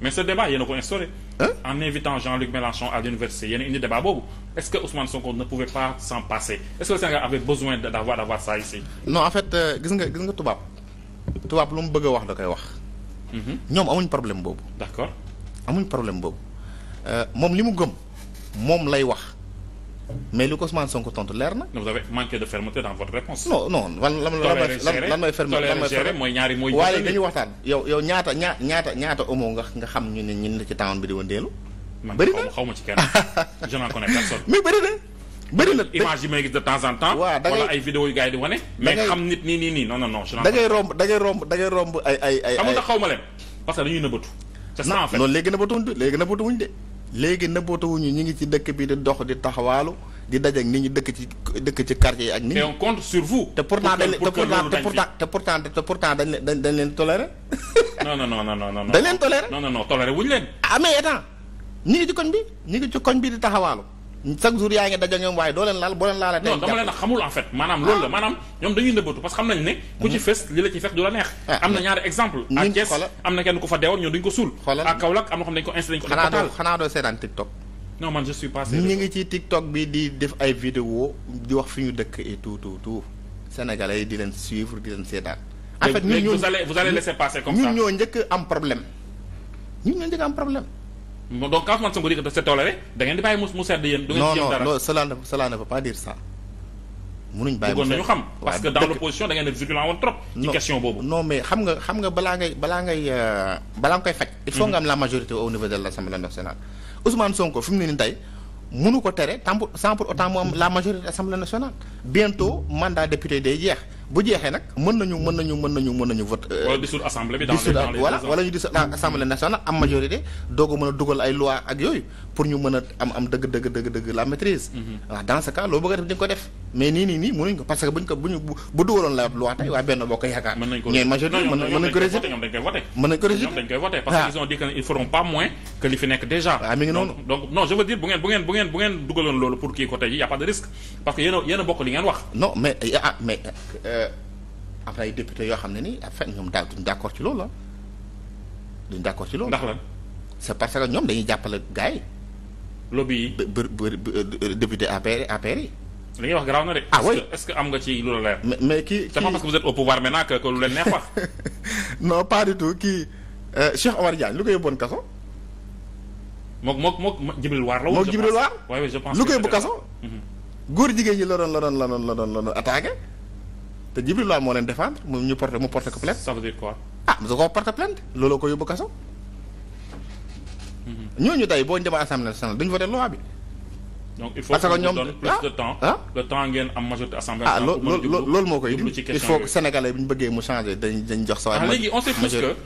mais ce débat yéen a ko instauré. en invitant Jean-Luc Mélenchon à l'université yéen a indi débat boobu est-ce que Ousmane Sonko ne pouvait pas s'en passer est-ce que le Sénégal avait besoin d'avoir d'avoir non en fait euh, gis nga gis nga tubaab tubaab lu mu bëgg a wax da koy wax. Mhm. ñoom amuñ problème boobu. d'accord amuñ problème boobu euh, moom li mu gëm moom lay wax. mais li ko Ousmane Sonko tontu leer na. vous avez manqué lan lan lan mooy ferme lan waxtaan yow ñaata ñaa ñaata ñaata omo nga nga xam ñu ne ñun la ci tawoon bi di na man xaw temps en temps. waaw da ngay yu gars di wane. mais xam nit nii nii nii non non non. da ngay romb léegi nëbbatuwuñ de léegi de léegi nëbbootawuñu ñu ngi ci dëkk bi di dox di taxawaalu di dajeek nit ñi dëkk ci dëkk ci quartier yi ak nit ñi. et on compte sur vous. te pourtant dañ te pourtant te dañ leen dañ leen toléré. non non non non non. dañ leen toléré. non non non toléré wuñu leen. ah mais attends ñu ngi ci koñ bi ñu ngi ci koñ bi di taxawaalu. chaque jour yaa ngi daja ñoom waaye doo leen laal boo leen laalee. tey non dama leen xamul en fait maanaam loolu la ah. maanaam ñoom dañuy nëbbatu parce que xam nañ ne. ku ci mm-hmm. fës li la ci fekk du la neex. Ah. am na ñaari exemple à Thiès am na kenn ku fa deewoon ñoom duñ ko suul. xoolal à Kaolack am na xam dañ ko installé xanaa doo xanaa doo seetaan TikTok. man je suis passé. ngi ci TikTok bi di def ay vidéo di wax fi ñu dëkk et tout tout tout sénégalais yi di leen s di leen seetaan. en fait am problème ñun ñoo njëkk am problème donc quand Ousmane Sonko dit que c'est toléré da ngeen di bàyyi mu sedd yéen. du ngeen ci dara non non cela ne cela ne veut pas dire ça. munuñ bàyyi mu sedd nañu xam parce que dans l'opposition da ngeen di virulent woon trop. ci question boobu. non mais xam nga xam nga balaa ngay balaa ngay euh, balaa nga koy faj. il faut mhm. nga am la majorité au niveau de l'Assemblée nationale. Ousmane Sonko fi mu ne nii tey mënu ko tere tant pour sans pour autant mu am la majorité de l'Assemblée nationale bientôt mandat député day jeex. bu jeexee nag mën nañu mën nañu mën nañu mën nañu vote. Euh, wala dissoudre assemblée bi dans les dans les voilà wala ñu dissoudre ah, assemblée nationale am majorité doo a mën a dugal ay loi ak yooyu pour ñu mën a am am dëgg dëgg dëgg la maîtrise. Mhm. waaw dans ce cas loo bëgg a def di nga ko def mais nii nii nii mënuñ ko parce que buñ ko bu dugaloon la loi tey waa benn boo ko yaakaar. mën nañ ko ñooy parce que ah. ils bokk li ngeen wax. non mais eh, ah mais euh, am na député yoo xam ne nii en fait ñoom daal duñ d'accord ci loolu la ah. duñ d'accord ci loolu. ndax lan c'est parce que ñoom dañuy jàppale gars yi lobby yi. député APR APR yi. li ngay wax garaaw na de. ah oui est-ce que am nga ci lu la leer. mais mais kii kii c'est pas parce que vous êtes au pouvoir maintenant que lu leen neex wax. non pas du tout kii euh, Cheikh Omar Diagne lu ko yóbboon kaso. mook mook mook Jibril Waar la. mook Jibril Waar waaye je pense lu ko yóbbu kaso. Mhm. góor jigéen ñi la doon la doon la doon la doon la doon attaqué te Jibril Waar moo leen défendre mu ñu porté mu porté ko plainte. ça veut dire quoi. ah mu ko porté plainte looloo ko yóbbu kaso. Mm-hmm. ñooñu tey boo ñu demee assemblée nationale duñu voté loi bi. donc ñoom plus ah de temps ah le ah, moo koy il faut que sénégalais bi ñu bëggee mu changer dañ dañ jox sa waay léegi on